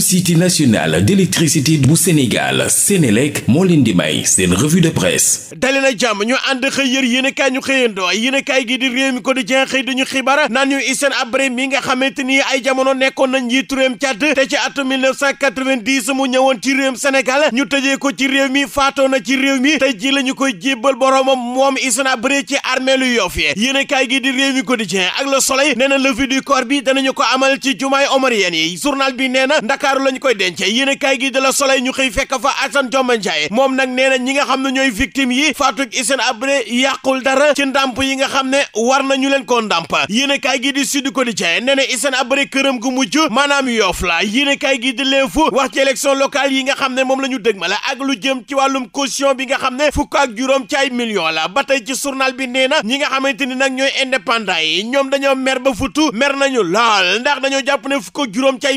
société nationale d'électricité bu Sénégal Sénélec moo leen di may seen revue de presse dali na jàmm ñu ànd xëy yër yéenekaay ñu xëyandoo yéenekaay gi di réew mi ko di jeex xëy mi nga xamante ni ay jamono nekkoon na njiitu réewum Tchad te ci atum 1990 mu ñëwoon ci réewum Sénégal ñu tëjee ko ci réew mi faatoo na ci réew mi tey ji la ñu koy jébbal boroomam moom Hissène Habré ci armée lu Yoff yi yéenekaay gi di réew mi ko di jeex ak Le Soleil nee na levée du corps bi danañu ko amal ci jumaay omarienne yi journal bi nee na ndakaaru lañ koy dencee yéen kaay gi de la Soleil ñu xëy fekk fa Assane Dioma Ndiaye moom nag nee na ñi nga xam ne ñooy victime yi faatu Hissène Habré yàqul dara ci ndàmp yi nga xam ne war nañu leen ko ndàmp yéen kaay gi di Sud Quotidien nee na Hissène Habré këram gu mujj maanaam yoof la yéen kaay gi di L'Info wax ci élection locale yi nga xam ne moom la ñu dëgmale ak lu jëm ci wàllum caution bi nga xam ne fukk ak juróom ci ay million la ba tey ci journal bi nee na ñi nga xamante ni nag ñooy indépendant yi ñoom dañoo mer ba futu mer nañu lool ndax dañoo jàpp ne fukk ak juróom ci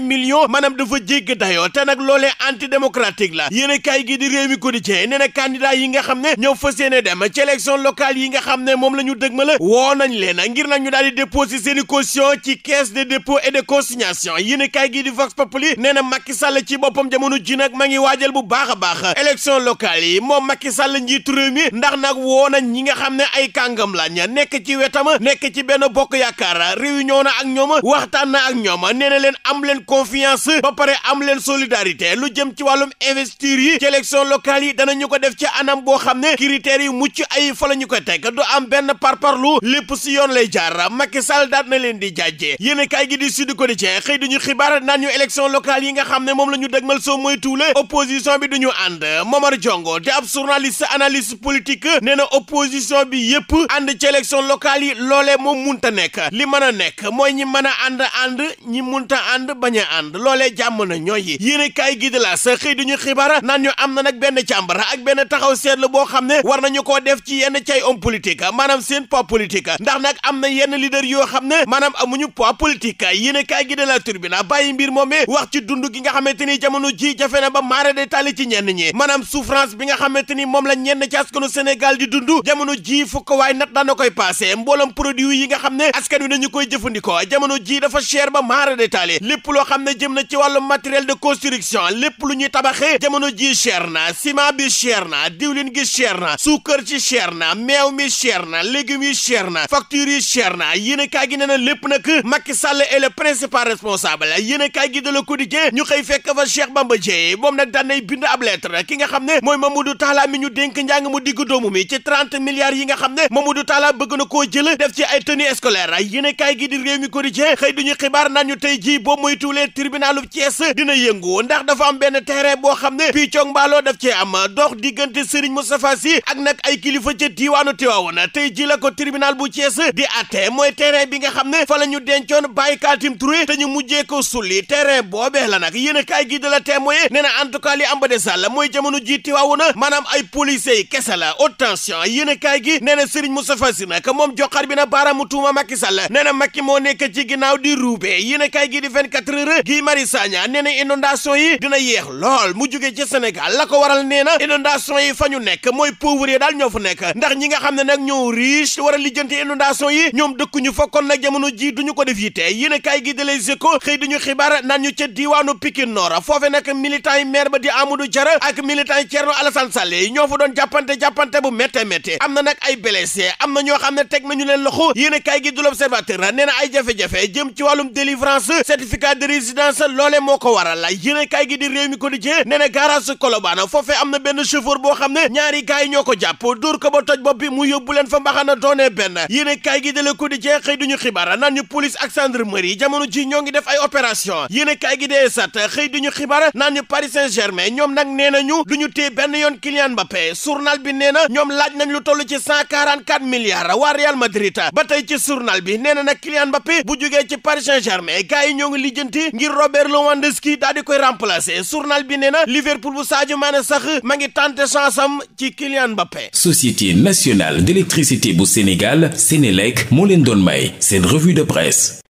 dafa jégg dayoo te nag loole loolee antidémocratique la yéen kaay gi di réew mi quotidien nee na candidat yi nga xam ne ñëw fas yéene dem ci élection locale yi nga xam ne moom la ñu dëgmal woo nañ leen ngir nag ñu daal di déposer seen i caution ci caisse de dépôt et de consignation yéen kaay gi di vox populi nee na Macky Sall ci boppam jamono ji nag ma ngi waajal bu baax a baax élection locale yi moom Macky Sall njiitu réew mi ndax nag woo nañ ñi nga xam ne ay kàngam lañ nekk ci wetam nekk ci benn bokk yaakaar réunion na ak ñoom waxtaan na ak ñoom nee na leen am leen confiance ba pare am leen solidarité lu jëm ci wàllum investir yi ci élection locale yi danañu ko def ci anam boo xam ne critères yi mucc ay fa la ñu ko teg du am benn par parparlu lépp si yoon lay jaar Macky Sall leen di jàjjee yéen a kaay gi di Sud Quotidien xëy duñu xibaar naan ñu élection locale yi nga xam ne moom la ñu dëgmal soo moytuwule opposition bi du ñu duñu ànd Momar Diongo te ab journaliste analyste politique nee na opposition bi yépp ànd ci élection locale yi loolee moom munta nekk li mën a nekk mooy ñi mën a ànd ànd ñi munta ànd bañ a jàmm na ñooy yéene kaay gi sa xëy duñu xibaar naan ñu am na nag benn càmbar ak benn taxaw seetlu boo xam ne war nañu koo def ci yenn cay homme politique maanaam seen poids politique ndax nag am na yenn leader yoo xam ne maanaam amuñu poids politique yéene kaay gi de la turbina bàyyi mbir moomee wax ci dund gi nga xamante ni jamono ji jafe na ba maara de tali ci ñenn ñi maanaam souffrance bi nga xamante ni moom la ñenn ci askanu Sénégal di dund jamono ji fukk waaye nat daan na koy passé mbooloom produit yi nga xam ne askan wi nañu koy jëfandikoo jamono ji dafa cher ba maara de tali lépp loo xam wàllu matériel de construction lépp lu ñuy tabaxee jamono ji cher na ciment bi cher na diwlin gi cher na suukar ci cher na meew mi cher na légumes yi cher na factures yi na yéen a kaay gi nee na lépp nag Macky Sall est le principal responsable yéen a kaay gi de Le Quotidien ñu xëy fekk fa Cheikh Bamba Dièye moom nag daan nay bind ab lettre ki nga xam ne mooy ma mu du Talla mi ñu dénk njàng mu digg doomu mi ci trente milliards yi nga xam ne du Talla bëgg na koo jël def ci ay tenues scolaires yéen a kaay gi di réew mi Quotidien xëy xibaar naan ñu tey ji boo moytuwulee tribunalu Thiès dina yëngu ndax dafa am benn terrain boo xam ne piccog mbaaloo daf cee am dox diggante mu Moustapha Sy ak nag ay kilifa ca tiiwaanu Tiwaawoon tey ji la ko tribunal bu Thiès di àtte mooy terrain bi nga xam ne fa la ñu dencoon bàyyi Kaatim Touré te ñu mujjee ko sulli terrain boobee la nag yéen kaay gi de la témoin nee na en tout cas li ba de sàll mooy jamono ji Tiwaawoon maanaam ay policiers yi kese la haute tension yéen kaay gi nee na Serigne Moustapha Sy nag moom joxar bi na baaraamu tuuma Macky Sall nee na Macky moo nekk ci ginnaaw di ruube yéen a kaay gi di 24 Sagna nee na inondation yi dina yeex lool mu jógee ci Sénégal la ko waral nee na inondation yi fa ñu nekk mooy pauvre yi daal ñoo fa nekk ndax ñi nga xam ne nag ñoo riche war a lijjanti inondation yi ñoom dëkkuñu fa kon nag jamono ji duñu ko def yite yéen kaay gi de Les Échos xëy duñu xibaar naan ñu ca diiwaanu Pikine Nord foofe nag militant yi maire ba di Amadou Diarra ak militant yi Thierno Alassane Sall yi ñoo fa doon jàppante jàppante bu métte métte am ay blessé am na ñoo xam ne teg nañu leen loxo yéen kaay gi ay jafe-jafe jëm ci wàllum délivrance certificat moo ko waral la yéene kaay gi di réew mi ko di jee nee na garage Colobane am na benn chauffeur boo xam ne ñaari gars yi ñoo ko jàpp dóor ko ba toj bopp bi mu yóbbu leen fa mbaxana doonee benn yéene kaay gi de la ko di jee xëy duñu xibaar naan ñu police ak gendarmerie jamono ji ñoo ngi def ay opération yéene kaay gi dee sat xëy duñu xibaar naan ñu Paris Saint-Germain ñoom nag nee nañu du ñu téye benn yoon Kylian Mbappé journal bi nee na ñoom laaj nañ lu toll ci 144 milliards waa Real Madrid ba tey ci journal bi nee na nag Kylian Mbappé bu jógee ci Paris Saint-Germain gars yi ñoo ngi lijjanti ngir Robert Lewandowski daal di koy remplacer journal bi nee na Liverpool bu Sadio Mané sax ma ngi tenter chance am ci Kylian Mbappé. Société nationale d'électricité bu Sénégal Sénélec moo leen doon may seen revue de presse.